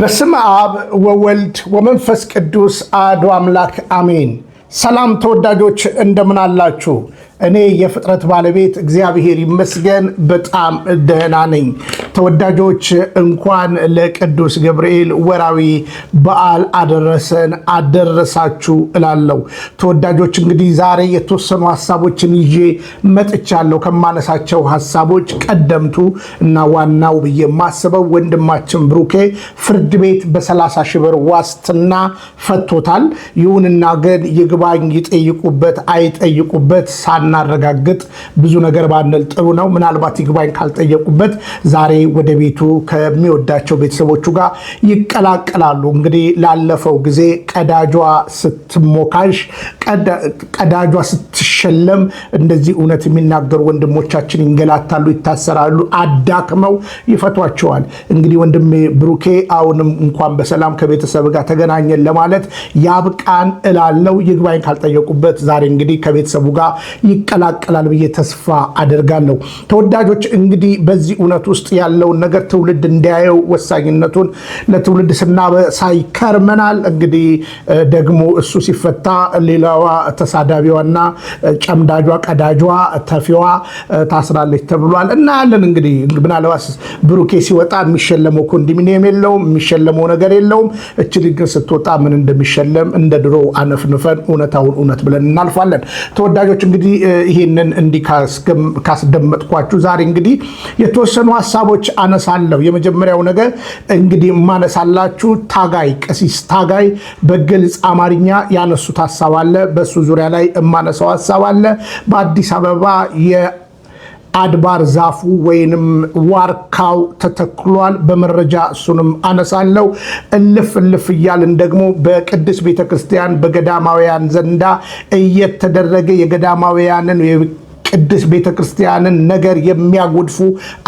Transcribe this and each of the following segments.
በስም አብ ወወልድ ወመንፈስ ቅዱስ አሐዱ አምላክ አሜን። ሰላም ተወዳጆች እንደምን አላችሁ? እኔ የፍጥረት ባለቤት እግዚአብሔር ይመስገን በጣም ደህና ነኝ። ተወዳጆች እንኳን ለቅዱስ ገብርኤል ወራዊ በዓል አደረሰን አደረሳችሁ እላለሁ። ተወዳጆች እንግዲህ ዛሬ የተወሰኑ ሀሳቦችን ይዤ መጥቻለሁ። ከማነሳቸው ሀሳቦች ቀደምቱ እና ዋናው ብዬ የማስበው ወንድማችን ብሩኬ ፍርድ ቤት በሰላሳ ሺህ ብር ዋስትና ፈቶታል። ይሁንና ግን ይግባኝ ይጠይቁበት አይጠይቁበት ሳናረጋግጥ ብዙ ነገር ባንል ጥሩ ነው። ምናልባት ይግባኝ ካልጠየቁበት ዛሬ ወደ ቤቱ ከሚወዳቸው ቤተሰቦቹ ጋር ይቀላቀላሉ። እንግዲህ ላለፈው ጊዜ ቀዳጇ ስትሞካሽ፣ ቀዳጇ ስትሸለም እንደዚህ እውነት የሚናገሩ ወንድሞቻችን ይንገላታሉ፣ ይታሰራሉ፣ አዳክመው ይፈቷቸዋል። እንግዲህ ወንድሜ ብሩኬ አሁንም እንኳን በሰላም ከቤተሰብ ጋር ተገናኘን ለማለት ያብቃን እላለው። ይግባኝ ካልጠየቁበት ዛሬ እንግዲህ ከቤተሰቡ ጋር ይቀላቀላል ብዬ ተስፋ አደርጋለሁ። ተወዳጆች እንግዲህ በዚህ እውነት ውስጥ ያለ ያለውን ነገር ትውልድ እንዲያየው ወሳኝነቱን ለትውልድ ስናበሳይ ከርመናል። እንግዲህ ደግሞ እሱ ሲፈታ ሌላዋ ተሳዳቢዋና ጨምዳጇ፣ ቀዳጇ፣ ተፊዋ ታስራለች ተብሏል። እናያለን እንግዲህ ምናልባት ብሩኬ ሲወጣ የሚሸለመው ኮንዶሚኒየም የለውም፣ የሚሸለመው ነገር የለውም። እች ልጅ ግን ስትወጣ ምን እንደሚሸለም እንደ ድሮ አነፍንፈን እውነታውን እውነት ብለን እናልፋለን። ተወዳጆች እንግዲህ ይህንን እንዲህ ካስደመጥኳችሁ ዛሬ እንግዲህ የተወሰኑ ሀሳቦች ነገሮች አነሳለሁ። የመጀመሪያው ነገር እንግዲህ የማነሳላችሁ ታጋይ ቀሲስ ታጋይ በግልጽ አማርኛ ያነሱት ሀሳብ አለ። በሱ ዙሪያ ላይ የማነሳው ሀሳብ አለ። በአዲስ አበባ የ አድባር ዛፉ ወይንም ዋርካው ተተክሏል። በመረጃ እሱንም አነሳለው። እልፍ እልፍ እያልን ደግሞ በቅድስት ቤተክርስቲያን በገዳማውያን ዘንዳ እየተደረገ የገዳማውያንን ቅድስት ቤተ ክርስቲያንን ነገር የሚያጎድፉ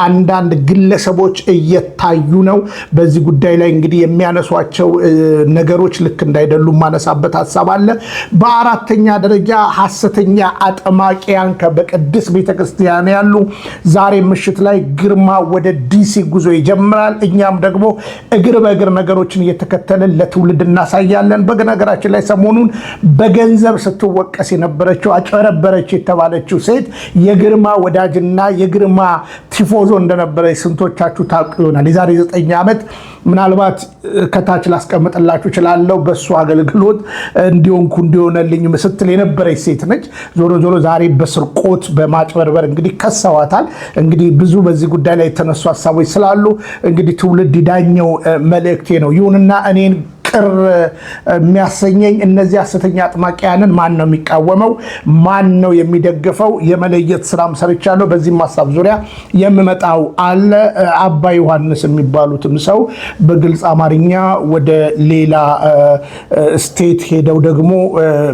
አንዳንድ ግለሰቦች እየታዩ ነው። በዚህ ጉዳይ ላይ እንግዲህ የሚያነሷቸው ነገሮች ልክ እንዳይደሉ ማነሳበት ሀሳብ አለ። በአራተኛ ደረጃ ሐሰተኛ አጠማቂያን በቅድስት ቤተ ክርስቲያን ያሉ ዛሬ ምሽት ላይ ግርማ ወደ ዲሲ ጉዞ ይጀምራል። እኛም ደግሞ እግር በእግር ነገሮችን እየተከተልን ለትውልድ እናሳያለን። በነገራችን ላይ ሰሞኑን በገንዘብ ስትወቀስ የነበረችው አጨረበረች የተባለችው ሴት የግርማ ወዳጅና የግርማ ቲፎዞ እንደነበረ ስንቶቻችሁ ታውቁ ይሆናል። የዛሬ ዘጠኝ ዓመት ምናልባት ከታች ላስቀምጥላችሁ እችላለሁ። በእሱ አገልግሎት እንዲሆንኩ እንዲሆነልኝ ስትል የነበረች ሴት ነች። ዞሮ ዞሮ ዛሬ በስርቆት በማጭበርበር እንግዲህ ከሰዋታል። እንግዲህ ብዙ በዚህ ጉዳይ ላይ የተነሱ ሀሳቦች ስላሉ እንግዲህ ትውልድ ዳኘው መልእክቴ ነው። ይሁንና እኔን ቅር የሚያሰኘኝ እነዚህ ሐሰተኛ አጥማቂያንን ማን ነው የሚቃወመው፣ ማን ነው የሚደግፈው፣ የመለየት ስራም ሰርቻለሁ። በዚህም ሀሳብ ዙሪያ የምመጣው አለ። አባ ዮሐንስ የሚባሉትም ሰው በግልጽ አማርኛ ወደ ሌላ ስቴት ሄደው ደግሞ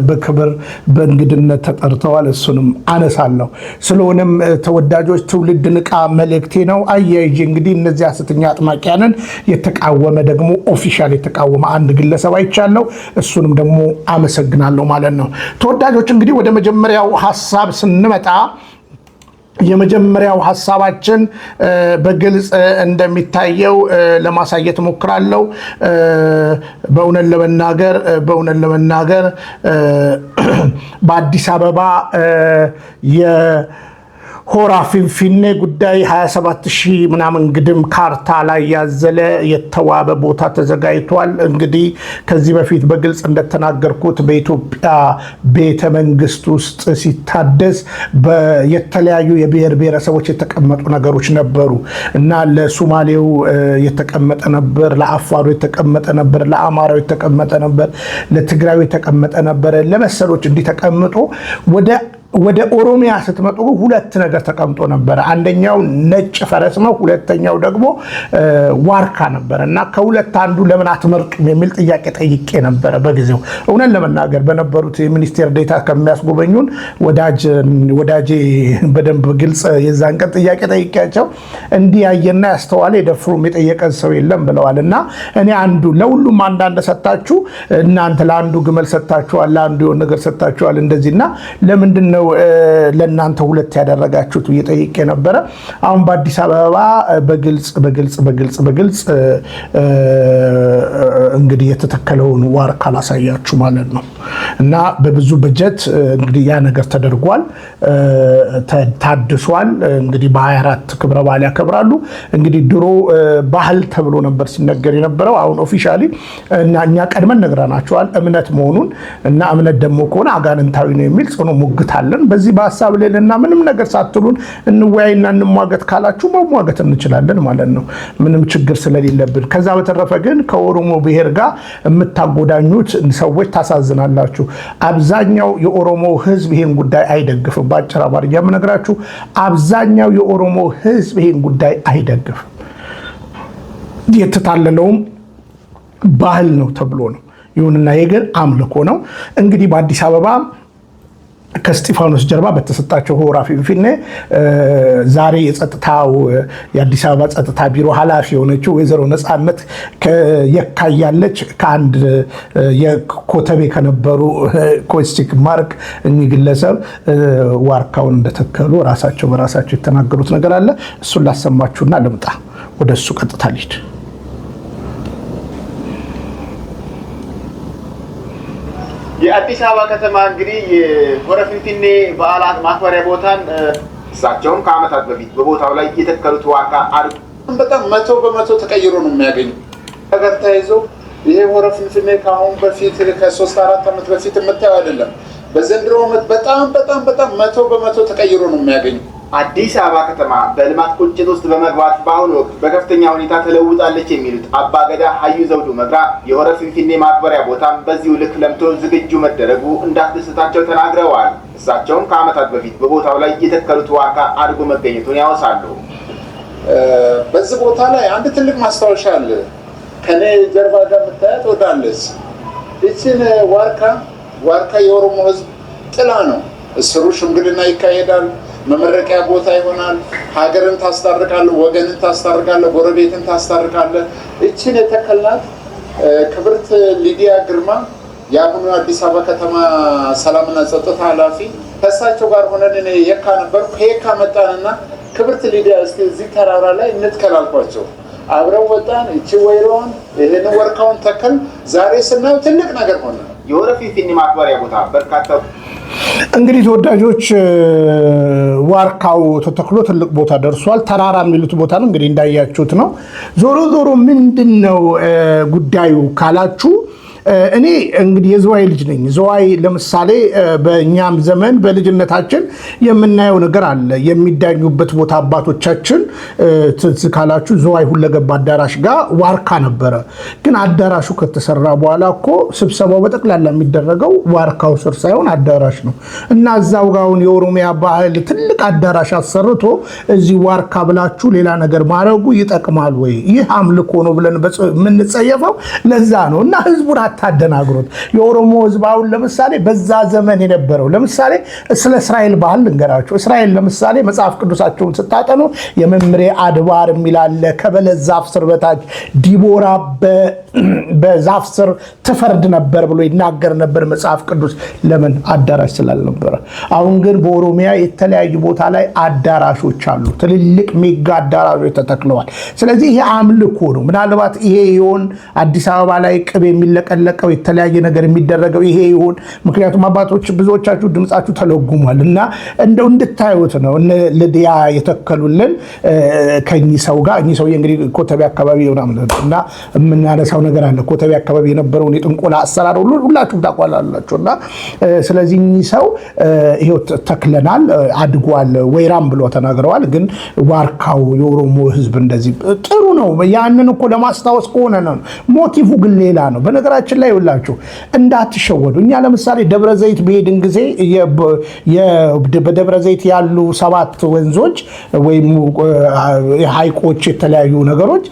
በክብር በእንግድነት ተጠርተዋል። እሱንም አነሳለሁ። ስለሆነም ተወዳጆች ትውልድ ንቃ መልእክቴ ነው። አያይዤ እንግዲህ እነዚህ ሐሰተኛ አጥማቂያንን የተቃወመ ደግሞ ኦፊሻል የተቃወመ አንድ ግለሰብ አይቻለው። እሱንም ደግሞ አመሰግናለሁ ማለት ነው። ተወዳጆች እንግዲህ ወደ መጀመሪያው ሀሳብ ስንመጣ የመጀመሪያው ሀሳባችን በግልጽ እንደሚታየው ለማሳየት እሞክራለሁ። በእውነት ለመናገር በእውነት ለመናገር በአዲስ አበባ ሆራ ፊንፊኔ ጉዳይ 27 ሺህ ምናምን ግድም ካርታ ላይ ያዘለ የተዋበ ቦታ ተዘጋጅቷል። እንግዲህ ከዚህ በፊት በግልጽ እንደተናገርኩት በኢትዮጵያ ቤተ መንግስት ውስጥ ሲታደስ የተለያዩ የብሔር ብሔረሰቦች የተቀመጡ ነገሮች ነበሩ እና ለሱማሌው የተቀመጠ ነበር፣ ለአፋሩ የተቀመጠ ነበር፣ ለአማራው የተቀመጠ ነበር፣ ለትግራዩ የተቀመጠ ነበር፣ ለመሰሎች እንዲህ ተቀምጦ ወደ ወደ ኦሮሚያ ስትመጡ ሁለት ነገር ተቀምጦ ነበረ። አንደኛው ነጭ ፈረስ ነው፣ ሁለተኛው ደግሞ ዋርካ ነበረ እና ከሁለት አንዱ ለምን አትመርጡም የሚል ጥያቄ ጠይቄ ነበረ በጊዜው። እውነት ለመናገር በነበሩት የሚኒስቴር ዴታ ከሚያስጎበኙን ወዳጄ በደንብ ግልጽ የዛን ቀን ጥያቄ ጠይቄያቸው እንዲህ ያየና ያስተዋለ የደፍሩም የጠየቀን ሰው የለም ብለዋል። እና እኔ አንዱ ለሁሉም አንዳንድ ሰታችሁ እናንተ ለአንዱ ግመል ሰጥታችኋል፣ ለአንዱ የሆነ ነገር ሰታችኋል እንደዚህና ለምንድን ነው ነው ለእናንተ ሁለት ያደረጋችሁት ብዬ ጠይቄ ነበረ። አሁን በአዲስ አበባ በግልጽ በግልጽ በግልጽ በግልጽ እንግዲህ የተተከለውን ዋርካ ካላሳያችሁ ማለት ነው እና በብዙ በጀት እንግዲህ ያ ነገር ተደርጓል፣ ታድሷል። እንግዲህ በ24 ክብረ በዓል ያከብራሉ። እንግዲህ ድሮ ባህል ተብሎ ነበር ሲነገር የነበረው አሁን ኦፊሻሊ እኛ ቀድመን ነግረናቸዋል እምነት መሆኑን እና እምነት ደግሞ ከሆነ አጋንንታዊ ነው የሚል ጽኑ ሙግት አለ። እንችላለን። በዚህ በሀሳብ ሌልና ምንም ነገር ሳትሉን እንወያይና እንሟገት ካላችሁ መሟገት እንችላለን ማለት ነው፣ ምንም ችግር ስለሌለብን። ከዛ በተረፈ ግን ከኦሮሞ ብሔር ጋር የምታጎዳኙት ሰዎች ታሳዝናላችሁ። አብዛኛው የኦሮሞ ህዝብ ይህን ጉዳይ አይደግፍም። በአጭር አማርኛ የምነግራችሁ አብዛኛው የኦሮሞ ህዝብ ይህን ጉዳይ አይደግፍም። የተታለለውም ባህል ነው ተብሎ ነው። ይሁንና የግን አምልኮ ነው። እንግዲህ በአዲስ አበባ ከስጢፋኖስ ጀርባ በተሰጣቸው ሆራ ፊንፊኔ ዛሬ የጸጥታው የአዲስ አበባ ጸጥታ ቢሮ ኃላፊ የሆነችው ወይዘሮ ነፃነት የካያለች ከአንድ የኮተቤ ከነበሩ ኮስቲክ ማርክ እኚህ ግለሰብ ዋርካውን እንደተከሉ ራሳቸው በራሳቸው የተናገሩት ነገር አለ። እሱን ላሰማችሁና ልምጣ ወደ እሱ ቀጥታ ልሂድ። የአዲስ አበባ ከተማ እንግዲህ የሆረ ፊንፊኔ በዓል ማክበሪያ ቦታን እሳቸውም ከዓመታት በፊት በቦታው ላይ የተከሉት ዋካ አር በጣም መቶ በመቶ ተቀይሮ ነው የሚያገኙ ነገር ተያይዞ ይሄ ሆረ ፊንፊኔ ከአሁን በፊት ከሶስት አራት ዓመት በፊት የምታየው አይደለም። በዘንድሮ ዓመት በጣም በጣም በጣም መቶ በመቶ ተቀይሮ ነው የሚያገኙ አዲስ አበባ ከተማ በልማት ቁጭት ውስጥ በመግባት በአሁኑ ወቅት በከፍተኛ ሁኔታ ተለውጣለች የሚሉት አባገዳ ሀዩ ዘውዱ መግራ፣ የሆረ ፊንፊኔ ማክበሪያ ቦታም በዚሁ ልክ ለምቶ ዝግጁ መደረጉ እንዳስደሰታቸው ተናግረዋል። እሳቸውም ከዓመታት በፊት በቦታው ላይ የተከሉት ዋርካ አድጎ መገኘቱን ያወሳሉ። በዚህ ቦታ ላይ አንድ ትልቅ ማስታወሻ አለ። ከኔ ጀርባ ጋር የምታያት ወዳለች ይችን ዋርካ ዋርካ የኦሮሞ ሕዝብ ጥላ ነው። እስሩ ሽምግልና ይካሄዳል። መመረቂያ ቦታ ይሆናል። ሀገርን ታስታርቃለህ፣ ወገንን ታስታርቃለህ፣ ጎረቤትን ታስታርቃለህ። እችን የተከላት ክብርት ሊዲያ ግርማ የአሁኑ አዲስ አበባ ከተማ ሰላምና ጸጥታ ኃላፊ ከእሳቸው ጋር ሆነን እኔ የካ ነበር። ከየካ መጣንና ክብርት ሊዲያ እስኪ እዚህ ተራራ ላይ እንትከላልኳቸው አብረው ወጣን። እቺ ወይሮን ይህን ወርካውን ተክል ዛሬ ስናየው ትልቅ ነገር ሆነ። የወረፊት ማክበሪያ ቦታ በርካታ እንግዲህ ተወዳጆች ዋርካው ተተክሎ ትልቅ ቦታ ደርሷል። ተራራ የሚሉት ቦታ ነው እንግዲህ እንዳያችሁት ነው። ዞሮ ዞሮ ምንድን ነው ጉዳዩ ካላችሁ እኔ እንግዲህ የዝዋይ ልጅ ነኝ። ዝዋይ ለምሳሌ በእኛም ዘመን በልጅነታችን የምናየው ነገር አለ። የሚዳኙበት ቦታ አባቶቻችን ትዝ ካላችሁ ዝዋይ ሁለገባ አዳራሽ ጋር ዋርካ ነበረ። ግን አዳራሹ ከተሰራ በኋላ እኮ ስብሰባው በጠቅላላ የሚደረገው ዋርካው ስር ሳይሆን አዳራሽ ነው እና እዛው ጋውን የኦሮሚያ ባህል ትልቅ አዳራሽ አሰርቶ እዚህ ዋርካ ብላችሁ ሌላ ነገር ማድረጉ ይጠቅማል ወይ? ይህ አምልኮ ነው ብለን የምንጸየፈው ለዛ ነው እና ህዝቡ አታደናግሩት። የኦሮሞ ህዝብ አሁን ለምሳሌ በዛ ዘመን የነበረው ለምሳሌ ስለ እስራኤል ባህል ልንገራቸው። እስራኤል ለምሳሌ መጽሐፍ ቅዱሳቸውን ስታጠኑ የመምሬ አድባር የሚላለ ከበለ ዛፍ ስር በታች ዲቦራ በዛፍ ስር ትፈርድ ነበር ብሎ ይናገር ነበር መጽሐፍ ቅዱስ። ለምን አዳራሽ ስላልነበረ። አሁን ግን በኦሮሚያ የተለያዩ ቦታ ላይ አዳራሾች አሉ። ትልልቅ ሜጋ አዳራሾች ተተክለዋል። ስለዚህ ይሄ አምልኮ ነው። ምናልባት ይሄ ይሆን አዲስ አበባ ላይ ቅቤ የሚለቀለ የሚፈለቀው የተለያየ ነገር የሚደረገው ይሄ ይሁን። ምክንያቱም አባቶች ብዙዎቻችሁ ድምፃችሁ ተለጉሟል እና እንደው እንድታዩት ነው። ልድያ የተከሉልን ከእኚህ ሰው ጋር እኚህ ሰውዬ እንግዲህ ኮተቤ አካባቢ እና የምናነሳው ነገር አለ። ኮተቤ አካባቢ የነበረውን የጥንቆላ አሰራር ሁላችሁም ታቋላላችሁ እና ስለዚህ እኚህ ሰው ይኸው ተክለናል፣ አድጓል፣ ወይራም ብሎ ተናግረዋል። ግን ዋርካው የኦሮሞ ህዝብ እንደዚህ ጥሩ ነው። ያንን እኮ ለማስታወስ ከሆነ ነው። ሞቲቭ ግን ሌላ ነው። በነገራችን በነገራችን ላይ ይውላችሁ እንዳትሸወዱ። እኛ ለምሳሌ ደብረ ዘይት በሄድን ጊዜ በደብረ ዘይት ያሉ ሰባት ወንዞች ወይም ሐይቆች የተለያዩ ነገሮች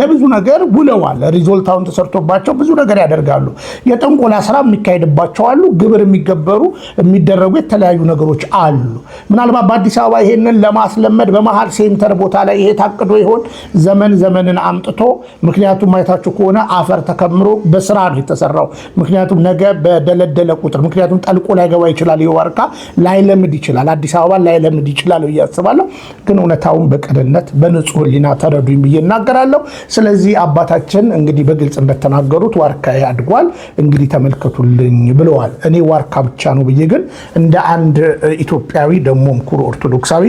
ለብዙ ነገር ውለዋል። ሪዞልታውን ተሰርቶባቸው ብዙ ነገር ያደርጋሉ። የጠንቆላ ስራ የሚካሄድባቸው አሉ። ግብር የሚገበሩ የሚደረጉ የተለያዩ ነገሮች አሉ። ምናልባት በአዲስ አበባ ይሄንን ለማስለመድ በመሀል ሴንተር ቦታ ላይ ይሄ ታቅዶ ይሆን? ዘመን ዘመንን አምጥቶ ምክንያቱም አይታችሁ ከሆነ አፈር ተከምሮ በስራ ነው የተሰራው። ምክንያቱም ነገ በደለደለ ቁጥር ምክንያቱም ጠልቆ ላይገባ ይችላል። የዋርካ ላይለምድ ይችላል። አዲስ አበባ ላይለምድ ይችላል ብዬ አስባለሁ። ግን እውነታውን በቅንነት በንጹህ ሕሊና ተረዱኝ ብዬ እናገራለሁ። ስለዚህ አባታችን እንግዲህ በግልጽ እንደተናገሩት ዋርካ ያድጓል እንግዲህ ተመልከቱልኝ ብለዋል። እኔ ዋርካ ብቻ ነው ብዬ ግን እንደ አንድ ኢትዮጵያዊ ደግሞም ኩሩ ኦርቶዶክሳዊ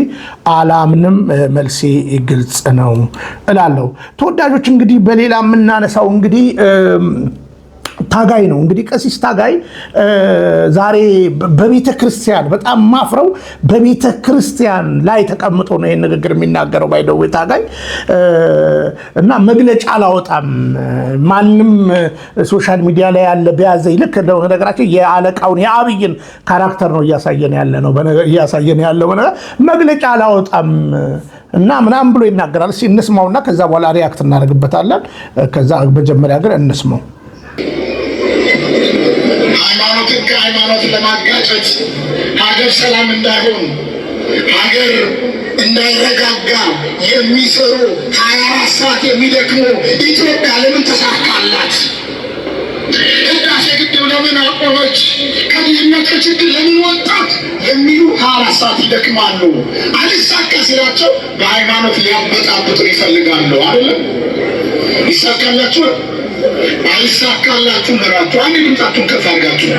አላምንም። መልሴ ግልጽ ነው እላለሁ። ተወዳጆች እንግዲህ በሌላ የምናነሳው እንግዲህ ታጋይ ነው። እንግዲህ ቀሲስ ታጋይ ዛሬ በቤተ ክርስቲያን በጣም ማፍረው በቤተ ክርስቲያን ላይ ተቀምጦ ነው ይህን ንግግር የሚናገረው። ባይደዌ ታጋይ እና መግለጫ አላወጣም። ማንም ሶሻል ሚዲያ ላይ ያለ በያዘ ይልክ ነገራቸው የአለቃውን የአብይን ካራክተር ነው እያሳየን ያለ ነው እያሳየን ያለው መግለጫ አላወጣም እና ምናምን ብሎ ይናገራል። እስኪ እንስማውና ከዛ በኋላ ሪያክት እናደርግበታለን። ከዛ መጀመሪያ ግን እንስማው። ሃይማኖትን ከሃይማኖት ለማጋጨት ሀገር ሰላም እንዳይሆን ሀገር እንዳይረጋጋ የሚሰሩ ሀያ አራት ሰዓት የሚደክሙ ኢትዮጵያ ለምን ተሳካላት? ህዳሴ ግድብ ለምን አቆመች? ከድህነት ከችግር ለምን ወጣት? የሚሉ ሀያ አራት ሰዓት ይደክማሉ። አልሳካ ሲላቸው በሃይማኖት ሊያበጣብጡ ይፈልጋሉ። አይደለም ይሳካላቸው አይሳካላችሁ ምራችሁ አንድ ድምጻችሁን ከፍ አድርጋችሁ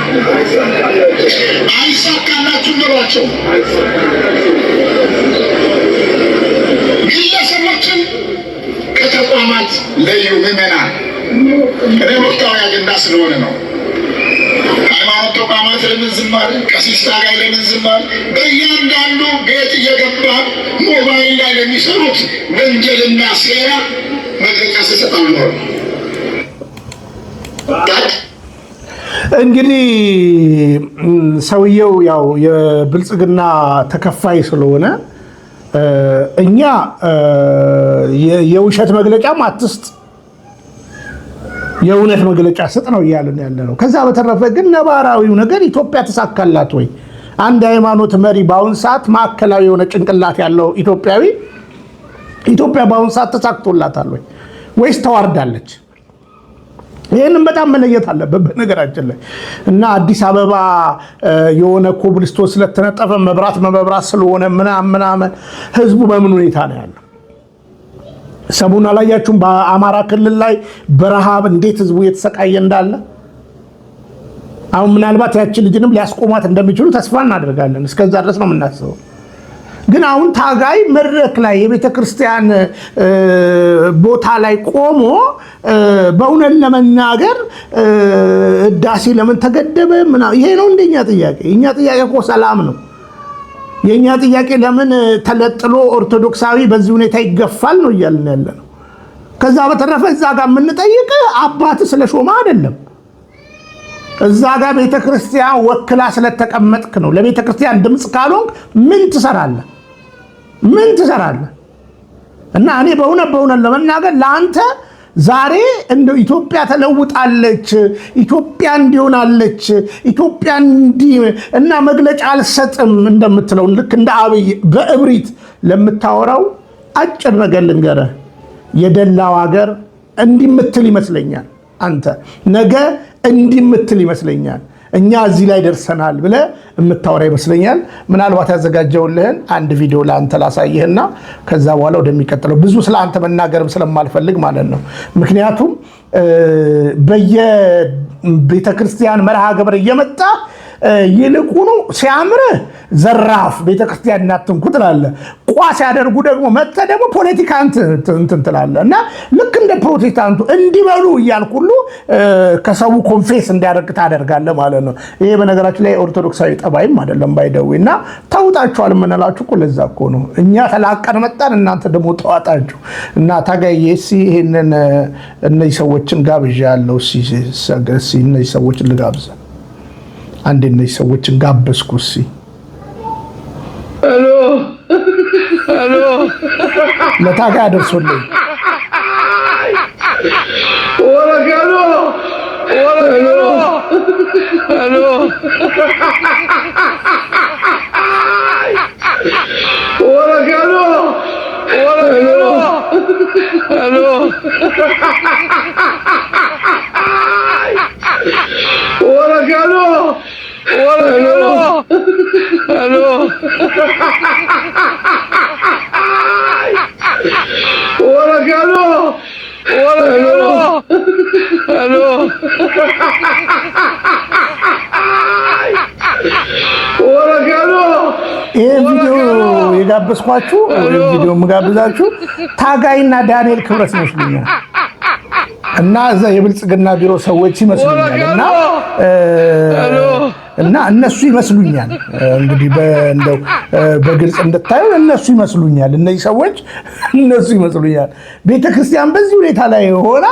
አይሳካላችሁ ምሯቸው። ግለሰቦችን ከተቋማት ለዩ። ምመና እኔ ወቅታዊ አጀንዳ ስለሆነ ነው። ሃይማኖት ተቋማት ለምን ዝማር፣ ቀሲስ ታጋይ ለምን ዝማር፣ በእያንዳንዱ ቤት እየገባ ሞባይል ላይ ለሚሰሩት ወንጀልና ሴራ መግለጫ ስሰጥ አልኖርም። እንግዲህ ሰውየው ያው የብልጽግና ተከፋይ ስለሆነ እኛ የውሸት መግለጫም አትስጥ የእውነት መግለጫ ስጥ ነው እያልን ያለ ነው። ከዛ በተረፈ ግን ነባራዊው ነገር ኢትዮጵያ ተሳካላት ወይ? አንድ ሃይማኖት መሪ በአሁን ሰዓት ማዕከላዊ የሆነ ጭንቅላት ያለው ኢትዮጵያዊ ኢትዮጵያ በአሁን ሰዓት ተሳክቶላታል ወይ? ወይስ ተዋርዳለች? ይህንም በጣም መለየት አለበት። በነገራችን ላይ እና አዲስ አበባ የሆነ ኮብልስቶን ስለተነጠፈ መብራት መብራት ስለሆነ ምናምን ምናምን ህዝቡ በምን ሁኔታ ነው ያለው? ሰሞኑን አላያችሁም? በአማራ ክልል ላይ በረሃብ እንዴት ህዝቡ እየተሰቃየ እንዳለ አሁን ምናልባት ያችን ልጅንም ሊያስቆማት እንደሚችሉ ተስፋ እናደርጋለን። እስከዛ ድረስ ነው የምናስበው። ግን አሁን ታጋይ መድረክ ላይ የቤተ ክርስቲያን ቦታ ላይ ቆሞ በእውነት ለመናገር እዳሴ ለምን ተገደበ? ይሄ ነው እንደኛ ጥያቄ። የኛ ጥያቄ እኮ ሰላም ነው። የእኛ ጥያቄ ለምን ተለጥሎ ኦርቶዶክሳዊ በዚህ ሁኔታ ይገፋል ነው እያልን ያለ ነው። ከዛ በተረፈ እዛ ጋር የምንጠይቅ አባት ስለ ሾማ አይደለም እዛ ጋር ቤተክርስቲያን ወክላ ስለተቀመጥክ ነው። ለቤተክርስቲያን ድምፅ ካልሆንክ ምን ትሰራለህ? ምን ትሰራለህ? እና እኔ በእውነት በእውነት ለመናገር ለአንተ ዛሬ እንደ ኢትዮጵያ ተለውጣለች፣ ኢትዮጵያ እንዲሆናለች፣ ኢትዮጵያ እንዲ እና መግለጫ አልሰጥም እንደምትለው ልክ እንደ አብይ በእብሪት ለምታወራው አጭር ነገር ልንገረህ፣ የደላው ሀገር እንዲምትል ይመስለኛል። አንተ ነገ እንዲምትል ይመስለኛል። እኛ እዚህ ላይ ደርሰናል ብለ የምታወራ ይመስለኛል። ምናልባት ያዘጋጀውልህን አንድ ቪዲዮ ለአንተ ላሳይህና ከዛ በኋላ ወደሚቀጥለው ብዙ ስለ አንተ መናገርም ስለማልፈልግ ማለት ነው። ምክንያቱም በየቤተክርስቲያን መርሃ ግብር እየመጣ ይልቁኑ ሲያምር ዘራፍ ቤተክርስቲያን እናትንኩ ቋ ሲያደርጉ ደግሞ መተ ደግሞ ፖለቲካንት እንትን እና ልክ እንደ ፕሮቴስታንቱ እንዲበሉ እያልኩ ሁሉ ከሰው ኮንፌስ እንዲያደርግ ታደርጋለ ማለት ነው። ይሄ በነገራችን ላይ ኦርቶዶክሳዊ ጠባይም አይደለም ባይደዊ እና ተውጣችኋል የምንላችሁ እኮ ለዛ እኮ ነው። እኛ ተላቀን መጣን፣ እናንተ ደግሞ ተዋጣችሁ እና ታጋዬ ሲ ይህንን እነዚህ ሰዎችን ጋብዣ ያለው እነዚህ ሰዎችን ልጋብዘን አንድ እነዚህ ሰዎችን ጋበዝኩ። እሲ ለታጋ ያደርሶልኝ Hello! Hello! Hola, Carlo! Hola, Carlo! Hello! Hola, Carlo! ይህ ቪዲዮ የጋበዝኳችሁ ቪዲዮ የምጋብዛችሁ ታጋይና ዳንኤል ክብረት ይመስሉኛል እና እዛ የብልጽግና ቢሮ ሰዎች ይመስሉኛል እና እና እነሱ ይመስሉኛል እንግዲህ እንደው በግልጽ እንድታዩ እነሱ ይመስሉኛል፣ እነዚህ ሰዎች እነሱ ይመስሉኛል። ቤተክርስቲያን በዚህ ሁኔታ ላይ ሆና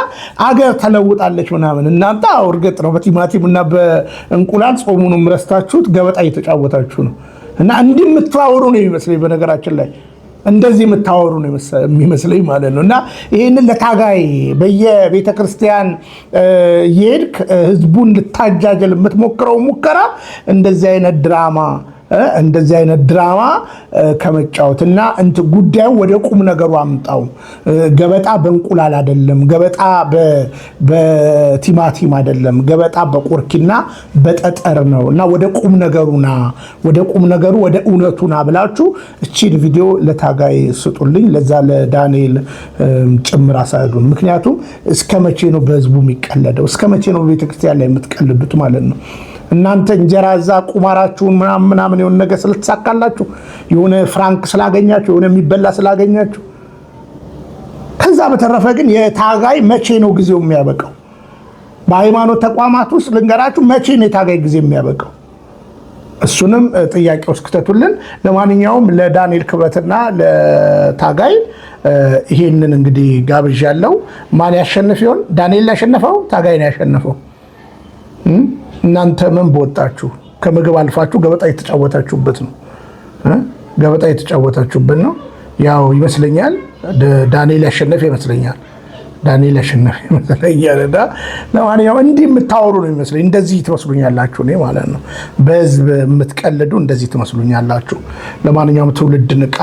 አገር ተለውጣለች ምናምን። እናንተ እርግጥ ነው በቲማቲም እና በእንቁላል ጾሙንም ረስታችሁት ገበጣ እየተጫወታችሁ ነው። እና እንዲህ የምትዋወሩ ነው የሚመስለኝ በነገራችን ላይ እንደዚህ የምታወሩ ነው የሚመስለኝ ማለት ነው። እና ይህንን ለታጋይ በየቤተ ክርስቲያን የሄድክ ህዝቡን ልታጃጀል የምትሞክረው ሙከራ እንደዚህ አይነት ድራማ እንደዚህ አይነት ድራማ ከመጫወት እና እንት ጉዳዩ ወደ ቁም ነገሩ አምጣው። ገበጣ በእንቁላል አይደለም፣ ገበጣ በቲማቲም አይደለም፣ ገበጣ በቆርኪና በጠጠር ነው እና ወደ ቁም ነገሩ ና፣ ወደ ቁም ነገሩ ወደ እውነቱ ና ብላችሁ እቺን ቪዲዮ ለታጋይ ስጡልኝ፣ ለዛ ለዳንኤል ጭምር አሳያዱን። ምክንያቱም እስከ መቼ ነው በህዝቡ የሚቀለደው? እስከ መቼ ነው በቤተክርስቲያን ላይ የምትቀልዱት ማለት ነው? እናንተ እንጀራ እዛ ቁማራችሁን ምናምን ምናምን የሆነ ነገር ስለተሳካላችሁ የሆነ ፍራንክ ስላገኛችሁ የሆነ የሚበላ ስላገኛችሁ። ከዛ በተረፈ ግን የታጋይ መቼ ነው ጊዜው የሚያበቃው? በሃይማኖት ተቋማት ውስጥ ልንገራችሁ፣ መቼ ነው የታጋይ ጊዜ የሚያበቃው? እሱንም ጥያቄ ውስጥ ክተቱልን። ለማንኛውም ለዳንኤል ክብረትና ለታጋይ ይሄንን እንግዲህ ጋብዣ ያለው ማን ያሸንፍ ይሆን? ዳንኤል ያሸነፈው ታጋይ ነው ያሸነፈው? እናንተ ምን በወጣችሁ ከምግብ አልፋችሁ ገበጣ የተጫወታችሁበት ነው። ገበጣ የተጫወታችሁበት ነው። ያው ይመስለኛል ዳንኤል ያሸነፈ ይመስለኛል። ዳንኤል አሸናፊ ይመስለኛል። እና ለማንኛውም እንዲህ የምታወሩ ነው ይመስለኝ፣ እንደዚህ ትመስሉኛላችሁ እኔ ማለት ነው። በህዝብ የምትቀልዱ እንደዚህ ትመስሉኛላችሁ። ለማንኛውም ትውልድ ንቃ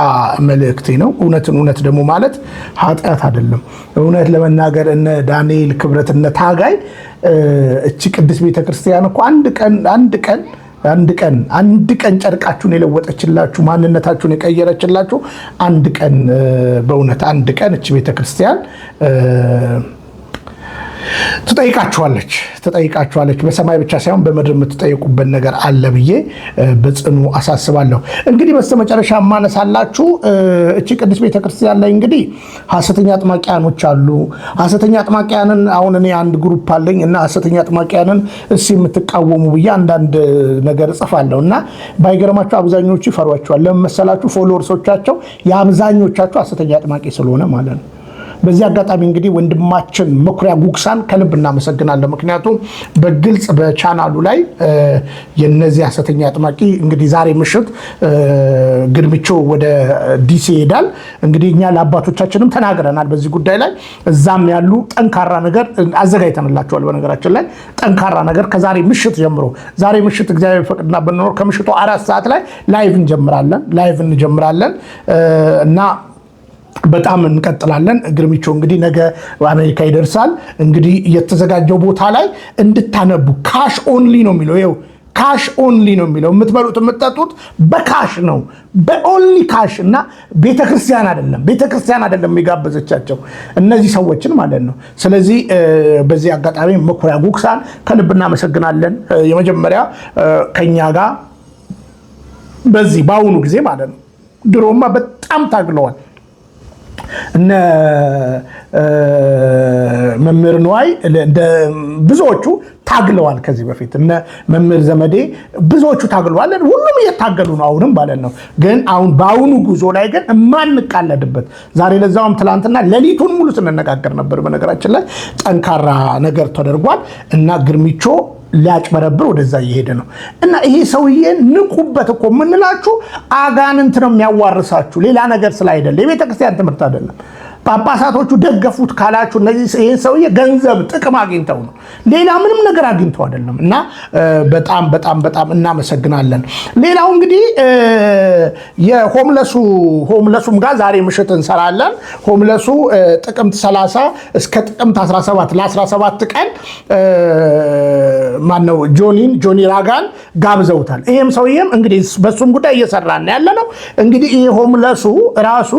መልእክቴ ነው። እውነትን እውነት ደግሞ ማለት ኃጢአት አይደለም። እውነት ለመናገር እነ ዳንኤል ክብረት፣ እነ ታጋይ እቺ ቅድስት ቤተክርስቲያን እኮ አንድ ቀን አንድ ቀን አንድ ቀን አንድ ቀን ጨርቃችሁን የለወጠችላችሁ ማንነታችሁን የቀየረችላችሁ አንድ ቀን በእውነት አንድ ቀን እች ቤተክርስቲያን ትጠይቃችኋለች ትጠይቃችኋለች። በሰማይ ብቻ ሳይሆን በምድር የምትጠይቁበት ነገር አለ ብዬ በጽኑ አሳስባለሁ። እንግዲህ በስተመጨረሻ ማነሳላችሁ እቺ ቅድስት ቤተክርስቲያን ላይ እንግዲህ ሐሰተኛ አጥማቂያኖች አሉ። ሐሰተኛ አጥማቂያንን አሁን እኔ አንድ ግሩፕ አለኝ እና ሐሰተኛ አጥማቂያንን እስ የምትቃወሙ ብዬ አንዳንድ ነገር እጽፋለሁ እና ባይገርማቸው አብዛኞቹ ይፈሯቸዋል። ለምን ፎሎወርሶቻቸው የአብዛኞቻቸው ሐሰተኛ አጥማቂ ስለሆነ ማለት ነው። በዚህ አጋጣሚ እንግዲህ ወንድማችን መኩሪያ ጉግሳን ከልብ እናመሰግናለን። ምክንያቱም በግልጽ በቻናሉ ላይ የነዚህ ሐሰተኛ አጥማቂ እንግዲህ ዛሬ ምሽት ግድምቾ ወደ ዲሲ ይሄዳል። እንግዲህ እኛ ለአባቶቻችንም ተናግረናል በዚህ ጉዳይ ላይ እዛም ያሉ ጠንካራ ነገር አዘጋጅተንላቸዋል። በነገራችን ላይ ጠንካራ ነገር ከዛሬ ምሽት ጀምሮ ዛሬ ምሽት እግዚአብሔር ፈቅድና ብንኖር ከምሽቱ አራት ሰዓት ላይ ላይቭ እንጀምራለን ላይቭ እንጀምራለን እና በጣም እንቀጥላለን። ግርሚቾ እንግዲህ ነገ አሜሪካ ይደርሳል። እንግዲህ የተዘጋጀው ቦታ ላይ እንድታነቡ ካሽ ኦንሊ ነው የሚለው ይኸው ካሽ ኦንሊ ነው የሚለው። የምትበሉት የምትጠጡት በካሽ ነው፣ በኦንሊ ካሽ እና ቤተክርስቲያን አይደለም፣ ቤተክርስቲያን አይደለም የጋበዘቻቸው እነዚህ ሰዎችን ማለት ነው። ስለዚህ በዚህ አጋጣሚ መኩሪያ ጉክሳን ከልብ እናመሰግናለን። የመጀመሪያ ከኛ ጋር በዚህ በአሁኑ ጊዜ ማለት ነው። ድሮማ በጣም ታግለዋል። እነ መምህር ንዋይ ብዙዎቹ ታግለዋል። ከዚህ በፊት እነ መምህር ዘመዴ ብዙዎቹ ታግለዋል። ሁሉም እየታገሉ ነው አሁንም ማለት ነው። ግን አሁን በአሁኑ ጉዞ ላይ ግን የማንቃለድበት ዛሬ ለዛውም ትላንትና ሌሊቱን ሙሉ ስንነጋገር ነበር። በነገራችን ላይ ጠንካራ ነገር ተደርጓል እና ግርሚቾ ሊያጭበረብር ወደዛ እየሄደ ነው እና ይሄ ሰውዬ ንቁበት እኮ የምንላችሁ አጋንንት ነው የሚያዋርሳችሁ ሌላ ነገር ስለ አይደለም የቤተክርስቲያን ትምህርት አይደለም። ጳጳሳቶቹ ደገፉት ካላችሁ እነዚህ ይህን ሰውዬ ገንዘብ ጥቅም አግኝተው ነው፣ ሌላ ምንም ነገር አግኝተው አይደለም። እና በጣም በጣም በጣም እናመሰግናለን። ሌላው እንግዲህ የሆምለሱ ሆምለሱም ጋር ዛሬ ምሽት እንሰራለን። ሆምለሱ ጥቅምት 30 እስከ ጥቅምት 17 ለ17 ቀን ማነው ጆኒን ጆኒ ራጋን ጋብዘውታል። ይህም ሰውዬም እንግዲህ በሱም ጉዳይ እየሰራን ያለ ነው። እንግዲህ ይህ ሆምለሱ ራሱ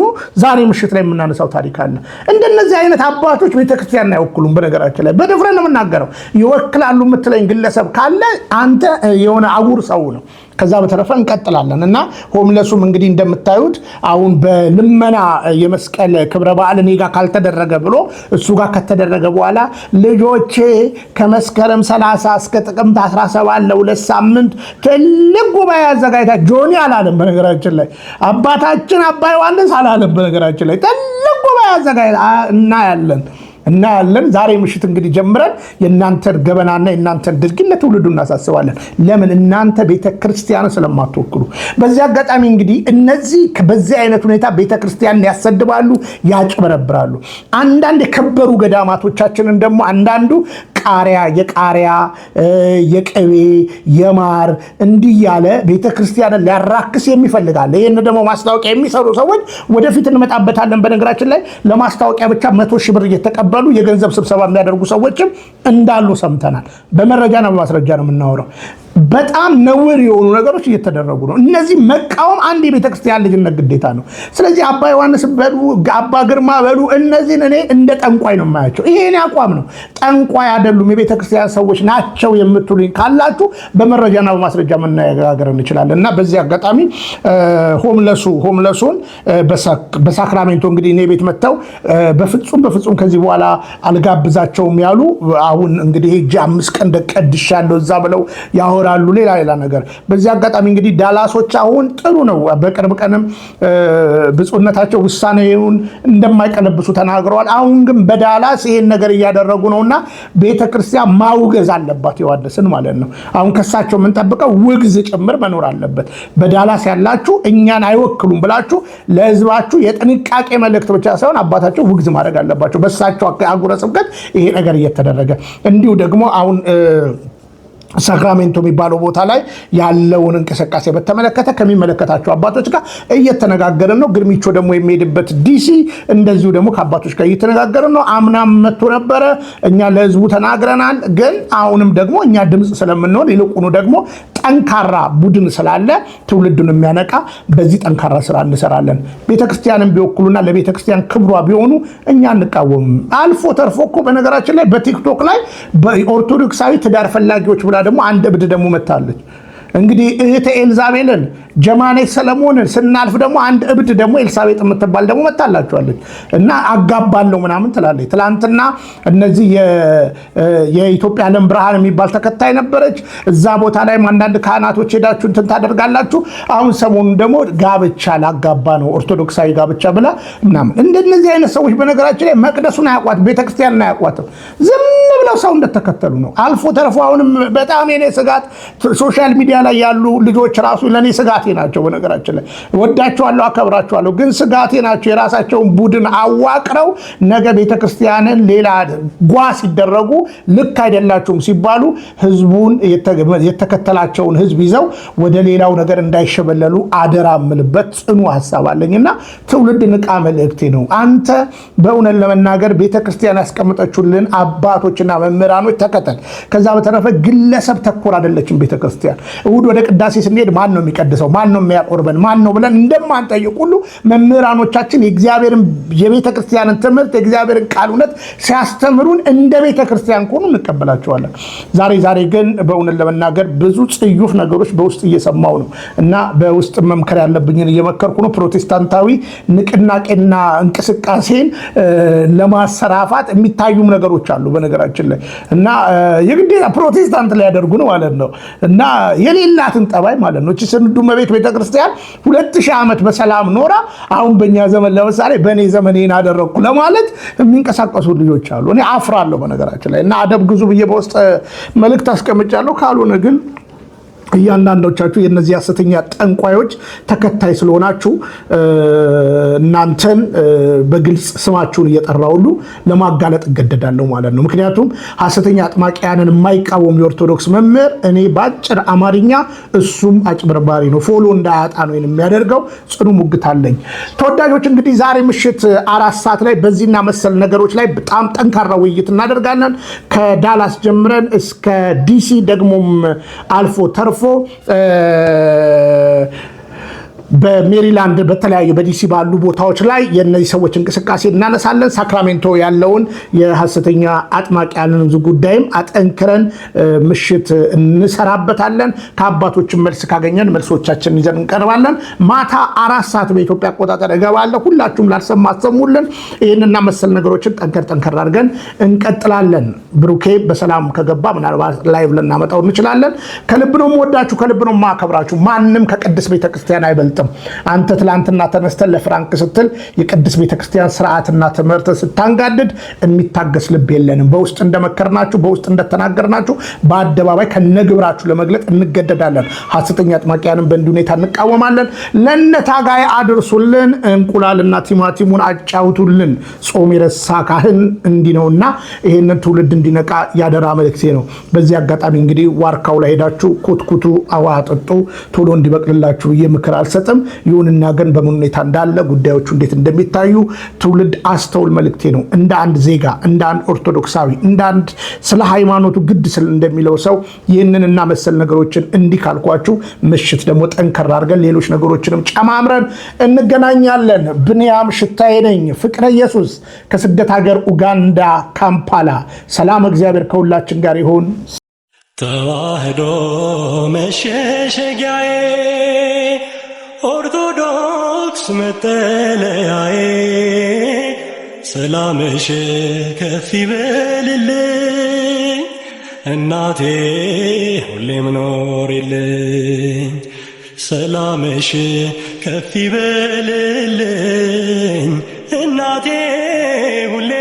ዛሬ ምሽት ላይ የምናነሳው ታሪክ አለ። እንደነዚህ አይነት አባቶች ቤተክርስቲያን አይወክሉም። በነገራችን ላይ በደፍረ ነው የምናገረው። ይወክላሉ የምትለኝ ግለሰብ ካለ አንተ የሆነ አጉር ሰው ነው። ከዛ በተረፈ እንቀጥላለን እና ሆምለሱም እንግዲህ እንደምታዩት አሁን በልመና የመስቀል ክብረ በዓል እኔ ጋር ካልተደረገ ብሎ እሱ ጋር ከተደረገ በኋላ ልጆቼ ከመስከረም 30 እስከ ጥቅምት 17 ለሁለት ሳምንት ትልቅ ጉባኤ አዘጋጅታ ጆኒ አላለም። በነገራችን ላይ አባታችን አባ ዮሐንስ አላለም። በነገራችን ላይ ትልቅ ጉባኤ አዘጋጅታ እናያለን። እናያለን። ዛሬ ምሽት እንግዲህ ጀምረን የእናንተን ገበናና የእናንተን ድርጊት ለትውልዱ እናሳስባለን። ለምን እናንተ ቤተ ክርስቲያን ስለማትወክሉ። በዚህ አጋጣሚ እንግዲህ እነዚህ በዚህ አይነት ሁኔታ ቤተ ክርስቲያን ያሰድባሉ፣ ያጭበረብራሉ። አንዳንድ የከበሩ ገዳማቶቻችንን ደግሞ አንዳንዱ ቃሪያ የቃሪያ የቅቤ የማር እንዲህ ያለ ቤተ ክርስቲያንን ሊያራክስ የሚፈልጋል። ይህን ደግሞ ማስታወቂያ የሚሰሩ ሰዎች ወደፊት እንመጣበታለን። በነገራችን ላይ ለማስታወቂያ ብቻ መቶ ሺህ ብር እየተቀበሉ እንዳሉ የገንዘብ ስብሰባ የሚያደርጉ ሰዎችም እንዳሉ ሰምተናል። በመረጃና በማስረጃ ነው የምናወራው። በጣም ነውር የሆኑ ነገሮች እየተደረጉ ነው። እነዚህ መቃወም አንድ የቤተክርስቲያን ልጅነት ግዴታ ነው። ስለዚህ አባ ዮሐንስ በሉ አባ ግርማ በሉ እነዚህን እኔ እንደ ጠንቋይ ነው የማያቸው። ይሄ እኔ አቋም ነው። ጠንቋይ አይደሉም የቤተክርስቲያን ሰዎች ናቸው የምትሉኝ ካላችሁ በመረጃና በማስረጃ መነጋገር እንችላለን። እና በዚህ አጋጣሚ ሆምለሱ ሆምለሱን በሳክራሜንቶ እንግዲህ እኔ ቤት መጥተው በፍጹም በፍጹም ከዚህ በኋላ አልጋብዛቸውም ያሉ አሁን እንግዲህ ሄጄ አምስት ቀን ደቀድሻለሁ እዛ ብለው ይኖራሉ። ሌላ ሌላ ነገር በዚህ አጋጣሚ እንግዲህ ዳላሶች አሁን ጥሩ ነው። በቅርብ ቀንም ብፁዕነታቸው ውሳኔውን እንደማይቀለብሱ ተናግረዋል። አሁን ግን በዳላስ ይሄን ነገር እያደረጉ ነው እና ቤተክርስቲያን ማውገዝ አለባት፣ ዮሐንስን ማለት ነው። አሁን ከሳቸው የምንጠብቀው ውግዝ ጭምር መኖር አለበት። በዳላስ ያላችሁ እኛን አይወክሉም ብላችሁ ለህዝባችሁ የጥንቃቄ መልእክት ብቻ ሳይሆን አባታቸው ውግዝ ማድረግ አለባቸው። በሳቸው አህጉረ ስብከት ይሄ ነገር እየተደረገ እንዲሁ ደግሞ አሁን ሰክራሜንቶ የሚባለው ቦታ ላይ ያለውን እንቅስቃሴ በተመለከተ ከሚመለከታቸው አባቶች ጋር እየተነጋገርን ነው። ግርሚቾ ደግሞ የሚሄድበት ዲሲ እንደዚሁ ደግሞ ከአባቶች ጋር እየተነጋገርን ነው። አምናም መቶ ነበረ። እኛ ለህዝቡ ተናግረናል። ግን አሁንም ደግሞ እኛ ድምፅ ስለምንሆን ይልቁኑ ደግሞ ጠንካራ ቡድን ስላለ ትውልዱን የሚያነቃ በዚህ ጠንካራ ስራ እንሰራለን። ቤተክርስቲያንን ቢወክሉና ለቤተክርስቲያን ክብሯ ቢሆኑ እኛ አንቃወምም። አልፎ ተርፎ እኮ በነገራችን ላይ በቲክቶክ ላይ ኦርቶዶክሳዊ ትዳር ፈላጊዎች ብላ ደግሞ አንድ እብድ ደግሞ መታለች። እንግዲህ እህተ ኤልዛቤልን ጀማኔት ሰለሞንን ስናልፍ ደግሞ አንድ እብድ ደግሞ ኤልሳቤጥ የምትባል ደግሞ መታላችኋለች እና አጋባለው ምናምን ትላለች። ትላንትና እነዚህ የኢትዮጵያ ለም ብርሃን የሚባል ተከታይ ነበረች። እዛ ቦታ ላይ አንዳንድ ካህናቶች ሄዳችሁ እንትን ታደርጋላችሁ። አሁን ሰሞኑን ደግሞ ጋብቻ ላጋባ ነው ኦርቶዶክሳዊ ጋብቻ ብላ ምናምን። እንደነዚህ አይነት ሰዎች በነገራችን ላይ መቅደሱን አያውቋትም፣ ቤተክርስቲያንን አያውቋትም። ዝም ብለው ሰው እንደተከተሉ ነው። አልፎ ተርፎ አሁንም በጣም የኔ ስጋት ሶሻል ሚዲያ ላይ ያሉ ልጆች ራሱ ለእኔ ስጋቴ ናቸው። በነገራችን ላይ ወዳቸዋለሁ፣ አከብራቸዋለሁ፣ ግን ስጋቴ ናቸው። የራሳቸውን ቡድን አዋቅረው ነገ ቤተክርስቲያንን ሌላ ጓ ሲደረጉ ልክ አይደላችሁም ሲባሉ ህዝቡን የተከተላቸውን ህዝብ ይዘው ወደ ሌላው ነገር እንዳይሸበለሉ አደራ ምልበት ጽኑ ሀሳብ አለኝ እና ትውልድ ንቃ መልእክቴ ነው። አንተ በእውነት ለመናገር ቤተክርስቲያን ያስቀምጠችልን አባቶችና መምህራኖች ተከተል። ከዛ በተረፈ ግለሰብ ተኮር አይደለችም ቤተክርስቲያን እሁድ ወደ ቅዳሴ ስንሄድ ማን ነው የሚቀድሰው? ማን ነው የሚያቆርበን? ማን ነው ብለን እንደማንጠይቅ ሁሉ መምህራኖቻችን የእግዚአብሔርን የቤተ ክርስቲያንን ትምህርት የእግዚአብሔርን ቃል እውነት ሲያስተምሩን እንደ ቤተ ክርስቲያን ከሆኑ እንቀበላቸዋለን። ዛሬ ዛሬ ግን በእውነት ለመናገር ብዙ ጽዩፍ ነገሮች በውስጥ እየሰማው ነው እና በውስጥ መምከር ያለብኝን እየመከርኩ ነው። ፕሮቴስታንታዊ ንቅናቄና እንቅስቃሴን ለማሰራፋት የሚታዩም ነገሮች አሉ በነገራችን ላይ እና የግዴታ ፕሮቴስታንት ሊያደርጉ ነው ማለት ነው እና የሌላትን ጠባይ ማለት ነው። እቺ ስንዱ እመቤት ቤተክርስቲያን ሁለት ሺህ ዓመት በሰላም ኖራ አሁን በእኛ ዘመን ለምሳሌ በእኔ ዘመን ይህን አደረግኩ ለማለት የሚንቀሳቀሱ ልጆች አሉ። እኔ አፍራለሁ በነገራችን ላይ እና አደብ ግዙ ብዬ በውስጥ መልእክት አስቀምጫለሁ። ካልሆነ ግን እያንዳንዶቻችሁ የነዚህ ሐሰተኛ ጠንቋዮች ተከታይ ስለሆናችሁ እናንተን በግልጽ ስማችሁን እየጠራ ሁሉ ለማጋለጥ እገደዳለሁ ማለት ነው። ምክንያቱም ሐሰተኛ አጥማቂያንን የማይቃወም የኦርቶዶክስ መምህር እኔ በአጭር አማርኛ እሱም አጭበርባሪ ነው፣ ፎሎ እንዳያጣ ነው የሚያደርገው። ጽኑ ሙግት አለኝ። ተወዳጆች እንግዲህ ዛሬ ምሽት አራት ሰዓት ላይ በዚህና መሰል ነገሮች ላይ በጣም ጠንካራ ውይይት እናደርጋለን። ከዳላስ ጀምረን እስከ ዲሲ ደግሞም አልፎ ተርፎ ተሳትፎ በሜሪላንድ በተለያዩ በዲሲ ባሉ ቦታዎች ላይ የእነዚህ ሰዎች እንቅስቃሴ እናነሳለን። ሳክራሜንቶ ያለውን የሀሰተኛ አጥማቅ ያለን ጉዳይም አጠንክረን ምሽት እንሰራበታለን። ከአባቶችን መልስ ካገኘን መልሶቻችን ይዘን እንቀርባለን። ማታ አራት ሰዓት በኢትዮጵያ አቆጣጠር እገባለሁ። ሁላችሁም ላልሰማ አሰሙልን። ይህንና መሰል ነገሮችን ጠንከር ጠንከር አድርገን እንቀጥላለን። ብሩኬ በሰላም ከገባ ምናልባት ላይቭ ልናመጣው እንችላለን። ከልብ ነው የምወዳችሁ፣ ከልብ ነው የማከብራችሁ። ማንም ከቅድስት ቤተክርስቲያን አይበልጥም። አልሰጥም። አንተ ትላንትና ተነስተን ለፍራንክ ስትል የቅድስት ቤተክርስቲያን ስርዓትና ትምህርት ስታንጋድድ የሚታገስ ልብ የለንም። በውስጥ እንደመከርናችሁ፣ በውስጥ እንደተናገርናችሁ በአደባባይ ከነግብራችሁ ለመግለጥ እንገደዳለን። ሐሰተኛ አጥማቂያንም በእንዲ ሁኔታ እንቃወማለን። ለነታጋይ አድርሱልን፣ እንቁላልና ቲማቲሙን አጫውቱልን። ጾም የረሳ ካህን እንዲህ ነውና ይህንን ትውልድ እንዲነቃ ያደራ መልእክቴ ነው። በዚህ አጋጣሚ እንግዲህ ዋርካው ላይ ሄዳችሁ ኮትኩቱ፣ አዋ አጠጡ፣ ቶሎ እንዲበቅልላችሁ ብዬ ምክር አልሰጥም። አልተሰጠም። ይሁንና ግን በምን ሁኔታ እንዳለ ጉዳዮቹ እንዴት እንደሚታዩ ትውልድ አስተውል መልእክቴ ነው። እንደ አንድ ዜጋ፣ እንደ አንድ ኦርቶዶክሳዊ፣ እንደ አንድ ስለ ሃይማኖቱ ግድ ስል እንደሚለው ሰው ይህንን እና መሰል ነገሮችን እንዲህ ካልኳችሁ ምሽት ደግሞ ጠንከር አድርገን ሌሎች ነገሮችንም ጨማምረን እንገናኛለን። ብንያም ሽታዬ ነኝ። ፍቅረ ኢየሱስ ከስደት ሀገር ኡጋንዳ ካምፓላ። ሰላም እግዚአብሔር ከሁላችን ጋር ይሁን። ተዋህዶ መሸሸጊያዬ ኦርቶዶክስ መጠለያዬ ሰላምሽ ከፍ ይበልልኝ እናቴ ሁሌም ኖሪልኝ ሰላምሽ ከፍ ይበልልኝ እናቴ ሁሌ